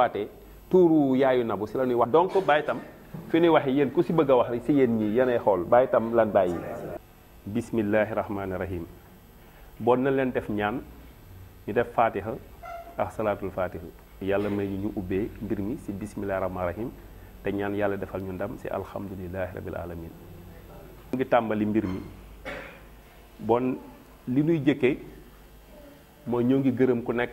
waatee turu yaayu nabu si la ñuy wax donc bàyyi tam fi ni waxee yeen ku si bëgg a wax si yeen ñi yéenay xool bàyyi tam lan bàyyi bismillahi rahmaani rahim bon na leen def ñaan ñu def fatiha ak salatul fatiha yàlla may ñu ubbee mbir mi si bismillahi rahmaani rahim te ñaan yàlla defal ñu ndam si alhamdulilahi rabil alamin ñu ngi tàmbali mbir mi bon li nuy jëkkee mooy ñoo ngi gërëm ku nekk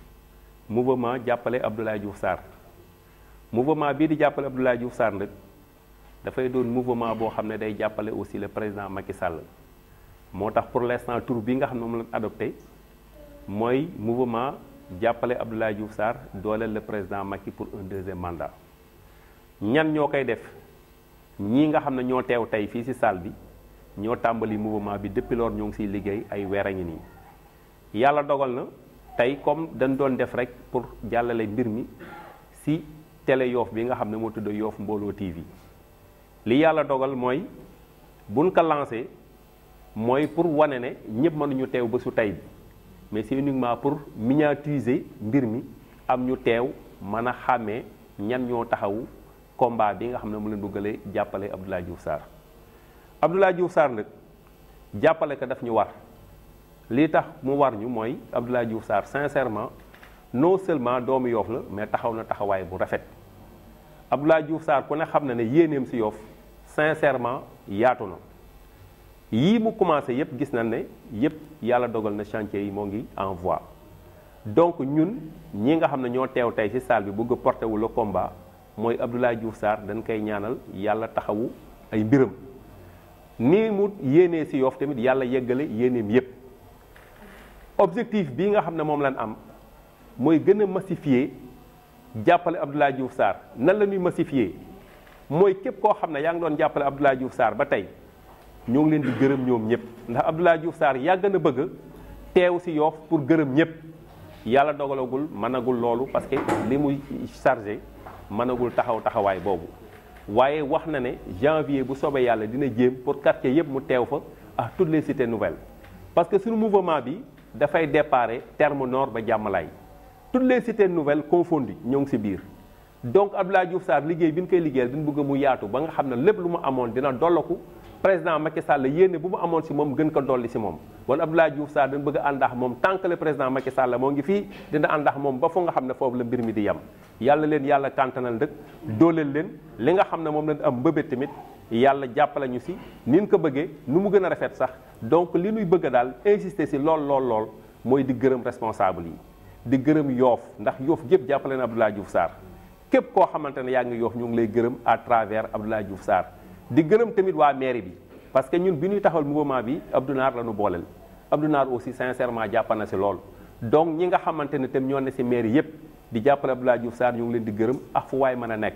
mouvement jàppale Abdoulaye Diouf saar mouvement bii di jàppale Abdoulaye Diouf Sarr nag dafay doon mouvement boo xam ne day jàppale aussi le président Macky Sall moo tax pour les l'instant tur bi nga xam ne moom lañ adopté mooy mouvement jàppale Abdoulaye Diouf Sarr dooleel le président Macky pour un deuxième mandat ñan ñoo koy def ñii nga xam ne ñoo teew tey fii ci salle bi ñoo tàmbali mouvement bi depuis lors ñoo ngi ciy liggéey ay weer a ngi nii yàlla tey comme dañ doon def rek pour jàllale mbir mi si télé yoof bi nga xam ne moo tudd yoofu mbooloo TV li yàlla dogal mooy buñ ko lancé mooy pour wane ne ñëpp mënuñu teew ba su tey bi mais c'est uniquement pour miniaturiser mbir mi am ñu teew mën a xàmmee ñan ñoo taxawu combat bi nga xam ne mu leen duggalee jàppale Abdoulaye Diouf Sarr Abdoulaye Diouf saar nag jàppale ko daf ñu war lii tax mu war ñu mooy Abdoulaye Diouf Sarr sincèrement no seulement doomu yoof la mais taxaw na taxawaay bu rafet Abdoulaye Diouf saar ku ne xam na ne yéeneem si yoof sincèrement yaatu na yii mu commencé yëpp gis nañ ne yëpp yàlla dogal na chantier yi moo ngi en donc ñun ñi nga xam ne ñoo teew tey ci saal bi bëgg a porté wu le combat mooy Abdoulaye Diouf Sarr dañ koy ñaanal yàlla taxawu ay mbiram ni mu yéenee si Yoff tamit yàlla yeggale yéeneem yëpp objectif bii nga xam ne moom lan am mooy gën a massifier jàppale Abdoulaye Diouf saar nan la ñuy massifier mooy képp koo xam ne yaa ngi doon jàppale Abdoulaye Diouf saar ba tey ñoo ngi leen di gërëm ñoom ñëpp ndax Abdoulaye Diouf saar yàgg na bëgg teew si Yoff pour gërëm ñëpp yàlla dogalagul mënagul loolu parce que li muy chargé managul taxaw taxawaay boobu waaye wax na ne janvier bu soobee yàlla dina jéem pour quartier yëpp mu teew fa ah tout les cités nouvelles dafay déparé terme nord ba jàmmalaay toutes les cités nouvelles confondues ñong ci bir donc Abdoulaye Diouf Sarr liggéey biñ koy liggéeyal bi bëgg mu yaatu ba nga xam lepp luma amone dina doloku président Macky Sall yéene bu mu amone ci mom gën ko dolli ci mom wala Abdoulaye Diouf Sarr dañ bëgg andax mom moom tant que le président Macky Sall moo ngi fi dina andax mom ba foo nga xam fofu la mbir mi di yam yalla leen yalla kàntanal dëkk dooleel leen li nga xam mom lañ am mbëbët tamit yàlla jàppale ñu si nin ko bëggee nu mu gën a rafet sax donc li nuy bëgg daal insister si lool lool lool mooy di gërëm responsable yi di gërëm yoof ndax yoof gépp jàppale na Abdoulaye Diouf Sarr képp koo xamante ne yaa ngi yoof ñu ngi lay gërëm à travers Abdoulaye Diouf Sarr di gërëm tamit waa maire bi parce que ñun bi ñuy taxawal mouvement bi Abdou Naar la ñu booleel Abdou Naar aussi sincèrement jàpp na si lool donc ñi nga xamante ne tam ñoo ne si maire yépp di jàppale Abdoulaye Diouf Sarr ñu ngi leen di gërëm ak fu waay mën a nekk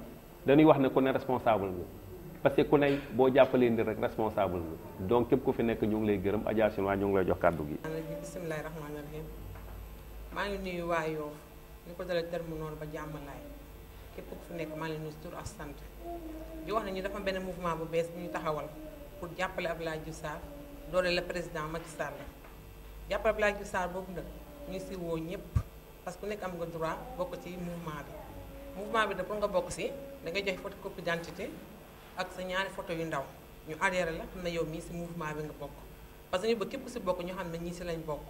dañuy wax ne ku ne responsable nga parce que ku boo jàppalee nit rek responsable nga donc képp ku fi nekk ñu ngi lay gërëm Adja Chinois ñu ngi lay jox kàddu gi. bismillaahi rahmaani rahiim maa ngi nuyu waa Yoof ko dalee Darou Noor ba jàmmalaay képp ku fi nekk maa ngi ak sant di wax ne ñu dafa benn mouvement bu bees bu ñu taxawal pour jàppale Abdoulaye Diouf Sarr doole la président Macky Sall jàppale Abdoulaye Diouf Sarr boobu nag ñu si woo ñëpp parce que ku am nga droit bokk ci mouvement bi mouvement bi nag pour nga bokk si. da ngay joxe photocopie d'identité ak sa ñaari foto yu ndaw ñu adhéré la xam ne yow mii si mouvement bi nga bokk parce que ñu bëgg képp ku bokk ñu xam ne ñii si lañ bokk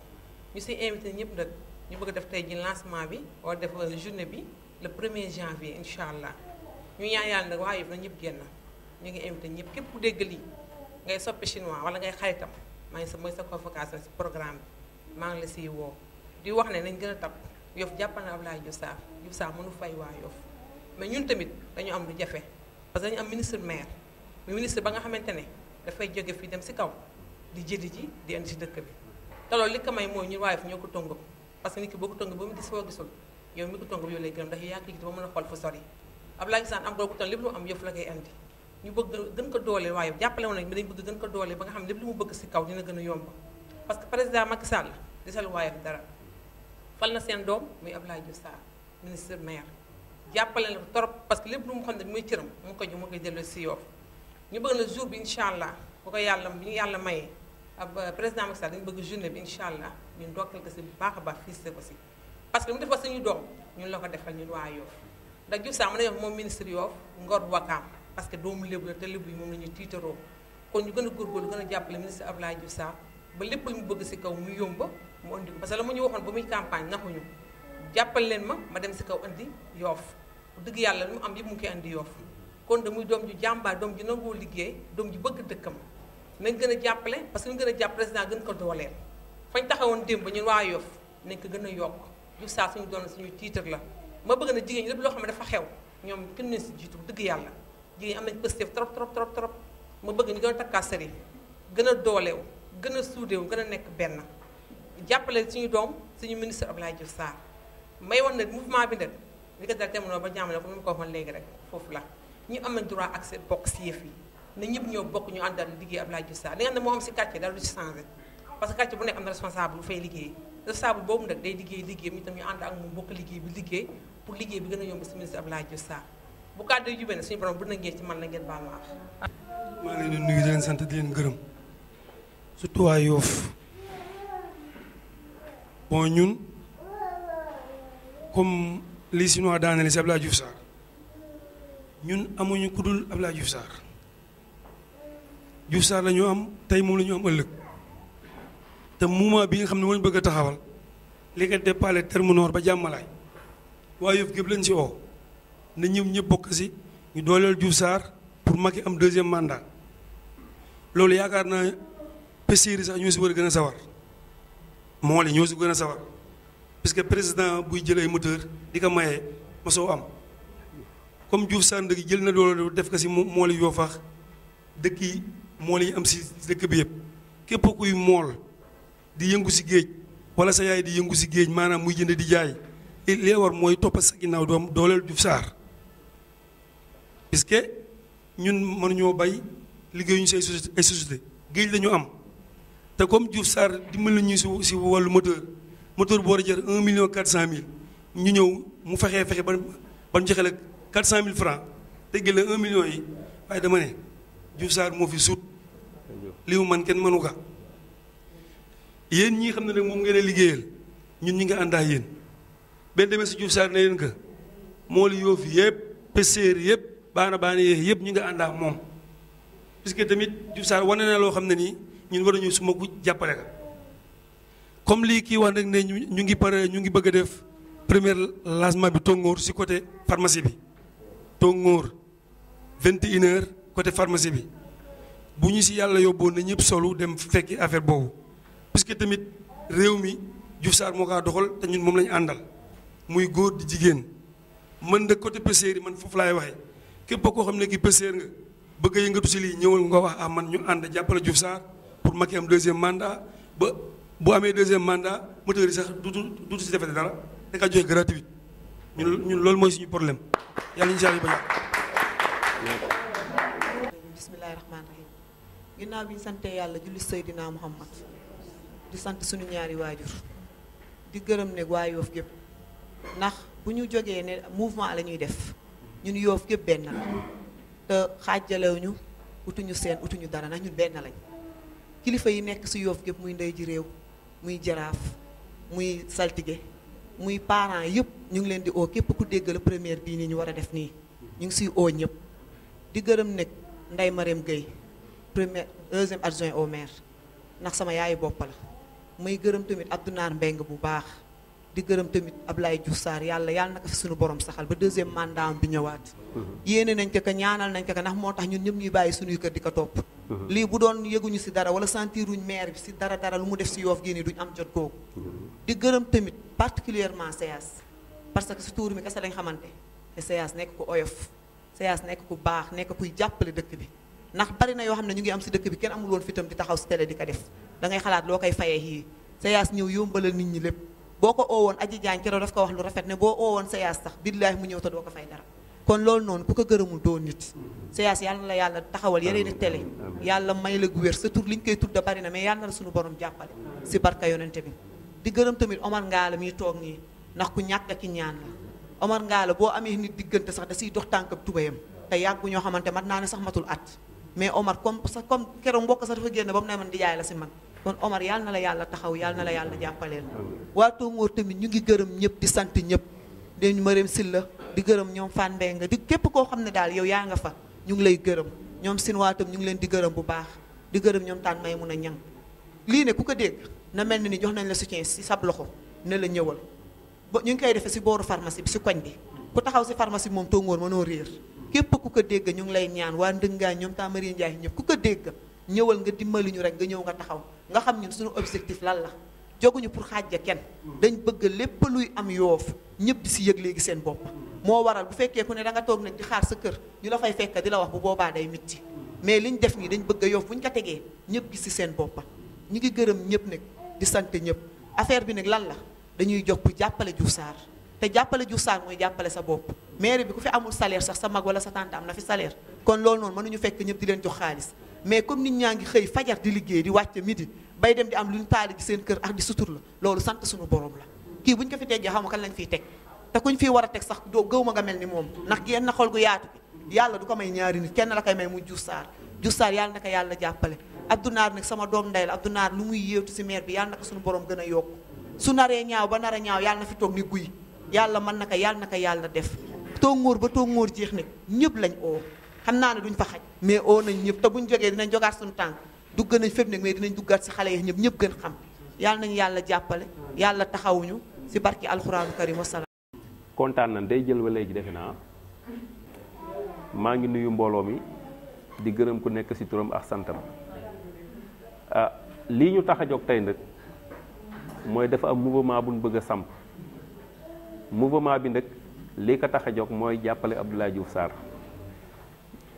ñu si invité ñëpp nag ñu bëgg def tey ji lancement bi wala def journée bi le premier janvier incha allah ñu ñaan yàlla nag waaye yëpp na ñëpp génn ñu ngi invité ñëpp képp ku dégg lii ngay soppi chinois wala ngay xaritam maa ngi sa mooy sa convocation si programme bi maa ngi la siy woo di wax ne nañ gën a tab Yoff jàppal na Abdoulaye Diouf Sarr Diouf Sarr mënu fay waa mais ñun tamit dañu am lu jafe parce que dañu am ministre maire mu ministre ba nga xamante ne dafay jóge fii dem si kaw di jëli ji di indi si dëkk bi te loolu li ko may mooy ñun waaye fi ñoo ko tongam parce que nit ki boo ko tongam ba mu gis foo gisul yow mi ko tongam yow lay gërëm ndax yow yaa ngi ba mën a xool fu sori Abdoulaye Sane am googu tam lépp lu am yëf la koy indi ñu bëgg gën ko doole waaye jàppale woon nañ dañ bëgg gën ko doole ba nga xam ne lépp lu mu bëgg si kaw dina gën a yomb parce que président Macky Sall desal waayam dara fal na seen doom muy Abdoulaye Diouf Sarr ministre maire jàppale na ko trop parce que lépp lu mu xam ne bi muy cëram mu ko ñu mu koy delloo si Yoff ñu bëgg na jour bi incha allah bu ko yàlla bu ñu yàlla mayee ab euh, président Macky bëgg journée bi allah ñu ndokkal ko si bu baax a baax fii ko si parce que mu defal ñu doom ñun la ko defal ñun waa Yoff ndax Diouf Sarr mën na moom ministre Yoff Ngor Wakaam parce que doomu lébu la te lébu yi moom la ñu tiitaroo kon ñu gën a góor góorgóorlu gën a jàppale ministre ab Diouf Sarr ba lépp lu mu bëgg si kaw mu yomba mu andi ko parce que la mu ñu waxoon ba muy campagne naxuñu jàppal leen ma ma dem si kaw andi Yoff dëgg yàlla lu mu am yëpp mu ngi koy andi yoof kon de muy doom ju jàmbaar doom ju nangoo liggéey doom ju bëgg dëkkam nañ gën a jàppale parce que ñu gën a jàpp président gën ko dooleel fañ taxawoon démb ñun waa yoof nañ ko gën a yokk ju suñu doon suñu titre la ma bëgg na jigéen ñi loo xam ne dafa xew ñoom kenn nañ dëgg yàlla jigéen am nañ pëstef trop trop trop trop ma bëgg ñu gën a takkaa gën a dooleew gën a suudeew gën a nekk benn jàppale suñu doom suñu ministre Abdoulaye Diouf Sarr may woon na mouvement bi nag li ko dal demonoo ba jàmmale ko mu ko waxoon léegi rek foofu la ñu am nañ droit accès bokk si yëf yi na ñëpp ñoo bokk ñu àndal liggéey Abdoulaye Diouf Sarr li nga xam ne moo am si quartier dara du ci parce que quartier bu nekk am na responsable bu fay liggéey responsable boobu nag day liggéey liggéey ñu tam ñu ànd ak moom bokk liggéey bi liggéey pour liggéey bi gën a yomb si ministre Abdoulaye Diouf Sarr bu bu na di nuyu di leen sant di leen gërëm surtout waa Yoff bon ñun li sinuwaa daanale si Abdoulaye Diouf Sarr ñun amuñu ku dul Abdoulaye Diouf Sarr Diouf Sarr am tey moom la ñu am ëllëg te moment bi xam ne moo bëgg a taxawal li nga déppale terme ba jàmmalaay waaye yëf gépp lañ si oo na ñëw ñëpp bokk si ñu dooleel Diouf Sarr pour Macky am deuxième mandat loolu yaakaar naa pêcheurs sax ñoo si war a gën a sawar moo la ñoo si gën a sawar puisque président buy jël ay moteur di ko maye mosoo am comme Diouf Sandag jël na loolu def ko si mool yoo fax dëkk yi mool yi am si dëkk bi yëpp képp kuy mool di yëngu si géej wala sa yaay di yëngu si géej maanaam muy jënd di jaay li war mooy toppa sa ginnaaw doom dooleel Diouf Sarr puisque ñun mënuñoo bay liggéeyuñu si ay société géej la ñu am te comme Diouf Sarr dimbali ñu si si wàllu moteur. moteur bu war a jër un million quatre cent mille ñu ñëw mu fexee fexe ba ba mu la quatre cent mille francs dégg la un million yi waaye dama ne Diouf saar moo fi suut li mu man kenn mënu ka yéen ñi xam ne nag moom ngeen a liggéeyal ñun ñi ngi àndaa yéen benn demee si Diouf Sarr ne leen que moo li yoofi yëpp peseer yëpp baana baana yee yëpp ñu ngi àndaa moom que tamit Diouf Sarr wane na loo xam ne nii ñun war nañu suma ku jàppale ka comme lii kii wax nag ne ñu ngi pare ñu ngi bëgg a def première lancement bi Tongoor si côté pharmacie bi Tongoor 21 côté pharmacie bi bu ñu si yàlla yóbboon na ñëpp solu dem fekki affaire boobu puisque tamit réew mi Diouf Sarr moo kaa doxal te ñun moom lañu àndal muy góor di jigéen mën de côté pêcheurs yi man foofu laay waxee képp koo xam ne ki pêcheur nga bëgg yëngatu si lii ñëwal nga wax ah man ñu ànd jàppale Diouf Sarr pour Macky am deuxième mandat ba. boo amee deuxième mandat moteur yi sax du du du si defete dara da nga joxe gratuit ñun ñun loolu mooy suñu problème yàlla incha allah ba yàgg. bismillahi rahmaani rahim ginnaaw bi ñu sante yàlla julli Seydina Muhammad di sant suñu ñaari waajur di gërëm ne waa Yoof gépp ndax bu ñu jogee ne mouvement lañuy ñuy def ñun Yoof gépp benn la te xaajalewuñu utuñu seen utuñu dara ndax ñun benn lañ kilifa yi nekk si Yoof gépp muy ndey ji réew. muy jaraaf muy saltige muy parent yëpp ñu ngi leen di oo képp ku dégg la première bii nii ñu war a def nii ñu ngi siy oo ñëpp di gërëm nag Ndeye Marème Gueye première deuxième adjoint au maire ndax sama yaayu bopp la muy gërëm tamit Abdou Naar Mbeng bu baax di gërëm tamit Ablaye Diouf Sarr yàlla yàlla na fi suñu borom saxal ba deuxième mandat bi ñëwaat. Mm-hmm. yéene nañ ko ko ñaanal nañ ko ko ndax moo tax ñun ñëpp ñuy bàyyi suñuy kër di ko topp. Mm-hmm. lii bu doon yëguñu si dara wala sentiruñ maire bi si dara dara lu mu def si yoof gi nii am jot kooku. Mm-hmm. di gërëm tamit particulièrement Seyas parce que si tuur mi kese lañ xamante te Seyas nekk ku oyof Seyas nekk ku baax nekk kuy jàppale dëkk bi. ndax bari na yoo xam ne ñu ngi am si dëkk bi kenn amul woon fitam di taxaw si télé di ko def da ngay xalaat loo koy fayee yii Seyas ñëw yombalal nit ñi lépp boo ko oowoon aji jaan keroog daf ko wax lu rafet ne boo oowoon séyaas sax billaahi mu ñëw te doo ko fay dara kon loolu noonu ku ko gërëmul doo nit séyaas yàlla la yàlla taxawal yeneen télé yàlla may la gu wér sa tur li ñu koy tudda bari na mais yàlla suñu borom jàppale si barka yonente bi di gërëm tamit Omar Ngalla miy toog nii ndax ku ñàkk ki ñaan la Omar Ngalla boo amee nit diggante sax da siy dox tànkab tubayam te yàggu ñoo xamante mat naa ne sax matul at mais Omar comme sa comme keroog mbokk sax dafa génn ba mu ne man di jaay la si man kon Omar yalla na la yalla taxaw yalla na la yàlla jàppaleel waa Tuumoor tamit ñu ngi gërëm ñepp di sant de ñu Mariam Silla di gërëm ñom Fane nga di kep ko xamne ne yow ya nga fa ñu ngi lay gërëm ñoom Sinwaa tam ñu ngi leen di bu baax di ñom tan may muna ñang li ne ku ko deg na melni ni jox nañ la soutien ci sab loxo ne la ñewal ñu ngi koy defee si booru pharmacie ci si koñ bi ku taxaw ci pharmacie mom to ngor mëno rir kep ku ko deg ñu ngi lay ñaan Ndëngaay ta mari ndjay ñepp ku ko deg ñëwal nga dimbali ñu rek nga ñëw nga taxaw nga xam ñun suñu objectif lan la joguñu pour xaaj ja kenn hmm. dañ bëgg lépp luy am yoof ñëpp di si yëg léegi seen bopp hmm. moo waral bu fekkee ku ne da nga toog nag di xaar sa kër ñu la fay fekk di la wax bu boobaa day mitti hmm. mais liñ def nii dañ bëgg yoof bu ñu ko tegee ñëpp gis si seen bopp ñu ngi gërëm ñëpp nag di sant ñëpp affaire bi nag lan la dañuy jox pour jàppale Diouf Sarr te jàppale Diouf Sarr mooy jàppale sa bopp maire bi ku fi amul salaire sax sa mag wala sa tante am na fi salaire kon loolu noonu mënuñu fekk ñëpp di leen jox mais comme nit ñaa ngi xëy fajar di liggéey di wàcce midi bay dem di am lu ñu taali ci seen kër ak di sutur la loolu sant suñu borom la kii bu ñu ko fi teggee xam nga kan lañ fiy teg te kuñ fiy war a teg sax doo gëw ma nga mel ni moom ndax génn na gu yaatu yàlla du ko may ñaari kenn la koy may muy Diouf Sarr Diouf Sarr ko yàlla jàppale Abdou Naar nag sama doom ndey la Abdou Naar lu muy yéewtu si maire bi borom gën a yokk su naree ñaaw ba nare a ñaaw yàlla na fi toog ni guy yàlla man na yàlla na ko yàlla def tongoor ba tóngóor jeex nag ñëpp lañ oo xam naa ne duñ fa xaj mais oo nañ ñëpp te buñ jógee dinañ jogaat suñu tànk dugg nañ fépp nag mais dinañ duggaat si xale yi ñëpp ñëpp gën xam yàlla nañu yàlla jàppale yàlla taxawuñu si barki alxuraanu karim wasalaam kontaan na day jël ba ji defe naa maa ngi nuyu mbooloo mi di gërëm ku nekk si turam ak santam ah lii ñu tax a jóg tey nag mooy dafa am mouvement bu ñu bëgg a samp mouvement bi nag lii ko tax a jóg mooy jàppale Abdoulaye Diouf Sarr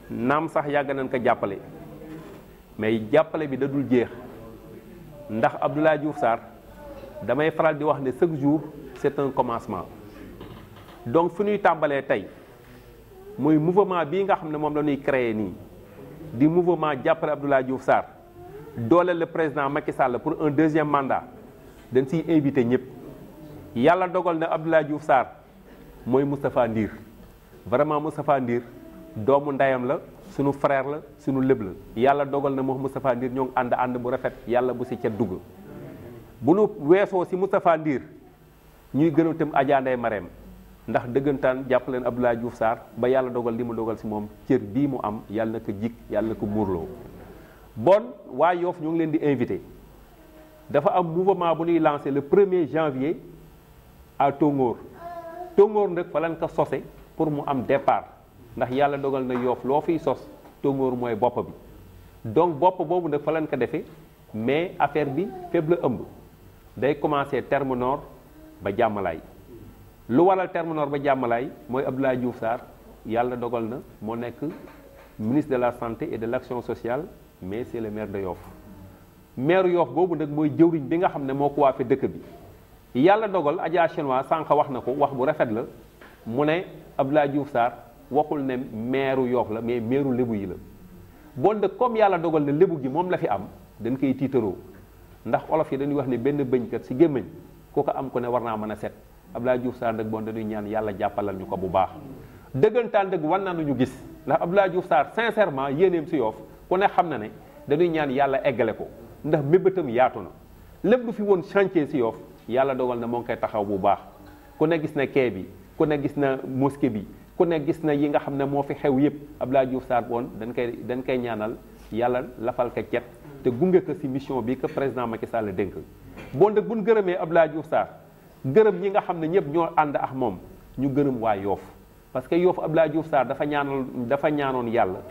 naam sax yàgg nañ ko jàppale mais jàppale bi dadul jeex ndax Abdoulaye Diouf saar damay faral di wax ne chaque jour c'est un commencement donc fu ñuy tàmbalee tey muy mouvement bii nga xam ne moom la ñuy créer nii di mouvement jàppale Abdoulaye Diouf saar doole le président Macky Sall pour un deuxième mandat dañ siy invité ñëpp yàlla dogal na Abdoulaye Diouf saar mooy Moustapha Ndir vraiment Moustapha Ndir. doomu ndeyam la sunu frère la sunu léb la yàlla dogal na moo Moustapha Ndir ñoo ngi ànd ànd bu rafet yàlla bu si ca dugg bu nu weesoo si Moustapha Ndir ñuy gën a tëm Adja Ndeye ndax dëggantaan jàpp leen Abdoulaye Diouf saar ba yàlla dogal li mu dogal si moom cër bii mu am yàlla na ko jig yàlla na ko muurloo bon waa Yoff ñu ngi leen di invité dafa am mouvement bu ñuy lancé le premier janvier à Tongoor Tongoor nag fa lañ ko sose pour mu am départ ndax yàlla dogal na yoof loo fiy sos tóngóor mooy bopp bi donc bopp boobu nag fa lan ko defee mais affaire bi faible ëmb day commencé terme nord ba jàmmalaay lu waral terme nord ba jàmmalaay mooy Abdoulaye Diouf Sarr yàlla dogal na moo nekk ministre de la santé et de l'action sociale mais c'est le maire de Yoff maire Yoff boobu nag mooy jëwriñ bi nga xam ne moo ko waafee dëkk bi yàlla dogal Adja Chinois sànq wax na ko wax bu rafet la mu ne Abdoulaye Diouf Sarr waxul ne meeru yoof la mais meeru lébu yi la bon de comme yàlla dogal ne lébu gi moom la fi am dañ koy tiitaroo ndax olof yi dañuy wax ne benn bëñkat si gémmañ ku ko am ko ne war naa mën a set ab laa Sarr nag bon dañuy ñaan yàlla jàppalal ñu ko bu baax dëggantaan dëgg war naa nañu gis ndax Abdoulaye Diouf Sarr sincèrement yéeneem si yoof ko ne xam na ne dañuy ñaan yàlla eggale ko ndax mébétam yaatu na lépp lu fi woon chantier si yoof yàlla dogal na moo ngi koy taxaw bu baax ku ne gis na quai bi ku ne gis na mosquée bi ku ne gis na yi nga xam ne moo fi xew ab laa Diouf Sarr woon dañ koy dañ koy ñaanal yàlla lafal ko cet te gunge ko si mission bi que président Macky Sall dénk bon nag buñ gërëmee ab laa Diouf Sarr gërëm ñi nga xam ne ñëpp ñoo ànd ak moom ñu gërëm waa Yoof parce que Yoof laa Diouf Sarr dafa ñaanal dafa ñaanoon yàlla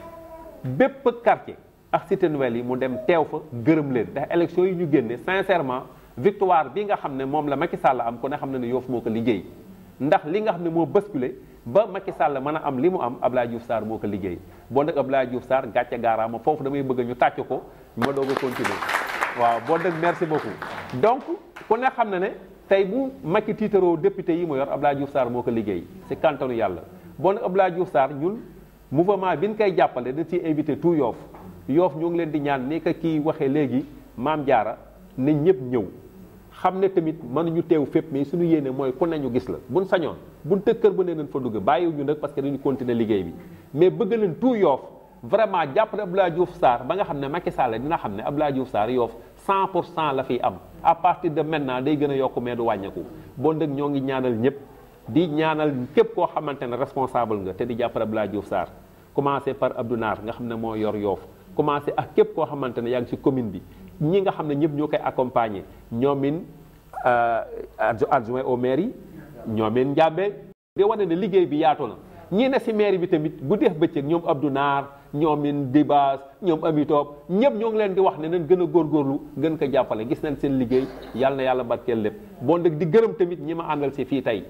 bépp quartier ak cité nouvelle yi mu dem teew fa gërëm leen ndax élection yi ñu génne sincèrement victoire bi nga xam ne moom la Macky Sall am ku ne xam ne ne Yoof moo ko liggéey ndax li nga xam ne moo basculé ba Macky Sall mën a am li mu am Abdoulaye Diouf Sarr moo ko liggéey bon nag Abdoulaye Diouf Sarr gàcce gaaraama foofu damay bëgg ñu tàcc ko ma doog a continuer waaw boo nag merci beaucoup donc ku ne xam ne ne tey bu Macky tiitaroo député yi mu yor Abdoulaye Diouf saar moo ko liggéey si kantanu yàlla bon nag Abdoulaye Diouf Sarr ñun mouvement bi nu koy jàppale dañ ciy invité tout yoof yoof ñoo ngi leen di ñaan ni que kii waxee léegi maam jaara nañ ñëpp ñëw xam ne tamit mënuñu teew fépp mais suñu yéenee mooy ku nañu gis la buñ sañoon buñ tëj kër bu ne nañ fa dugg bàyyiwu ñu nag parce que dañu continuer liggéey bi mais bëgg leen tout yoof vraiment jàppale laa Diouf saar ba nga xam ne Macky Sall dina xam ne Abdoulaye Diouf Sarr yoof 100 pour cent la fiy am à partir de maintenant day gën a yokk mais du wàññeeku boo nag ñoo ngi ñaanal ñëpp di ñaanal képp koo xamante ne responsable nga te di jàppale Abdoulaye Diouf Sarr commencé par Abdou Naar nga xam ne moo yor yoof commencé ak képp koo xamante ne yaa ngi ci commune bi ñi nga xam ne ñëpp ñoo koy accompagner ñoomin euh, adjoint au maire yi ñoomin njàmbe di wane ne liggéey bi yaatu na ñi ne ci maire bi tamit bu def bëccëg ñoom Abdou Naar ñoomin Dibas ñoom Amitop ñëpp ñoo ngi leen di wax ne nañ gën a góorgóorlu gën ko jàppale gis nañ seen liggéey yàlla yàlla barkeel lépp bon nag di gërëm tamit ñi ma àndal si fii tey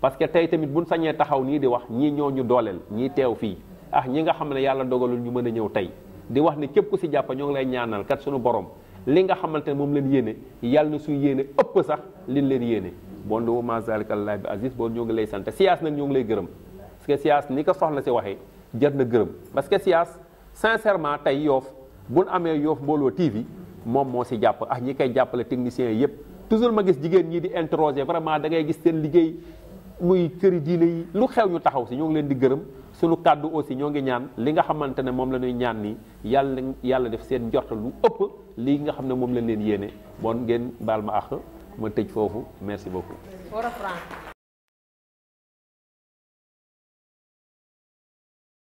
parce que tey tamit buñ sañee taxaw nii di wax ñii ñoo ñu dooleel ñii teew fii ah ñi nga xam ne yàlla dogalul ñu mën a ñëw tey di wax ne képp ku si jàpp ñoo ngi lay ñaanal kat suñu borom li nga xamante ne moom leen yéene yàlla na su yéene ëpp sax liñ leen yéene bon du ma zalika allah bi aziz boo ñoo ngi lay sant siyaas nag ñoo ngi lay gërëm parce siyaas ni ko soxla si waxee jar na gërëm parce que siyaas sincèrement tey yoof bu nu amee yoof mbooloo TV moom moo si jàpp ak ah, ñi koy jàppale techniciens yëpp toujours ma gis jigéen ñi di interroger vraiment da ngay gis seen liggéey muy këri diine yi lu xew ñu taxaw si ñoo ngi leen di gërëm suñu kàddu aussi ñoo ngi ñaan li nga xamante ne moom la ñuy ñaan ni yàlla yàlla def seen njort lu ëpp lii nga xam ne moom lañ leen yéene bon ngeen baal ma ax ma tëj foofu merci beaucoup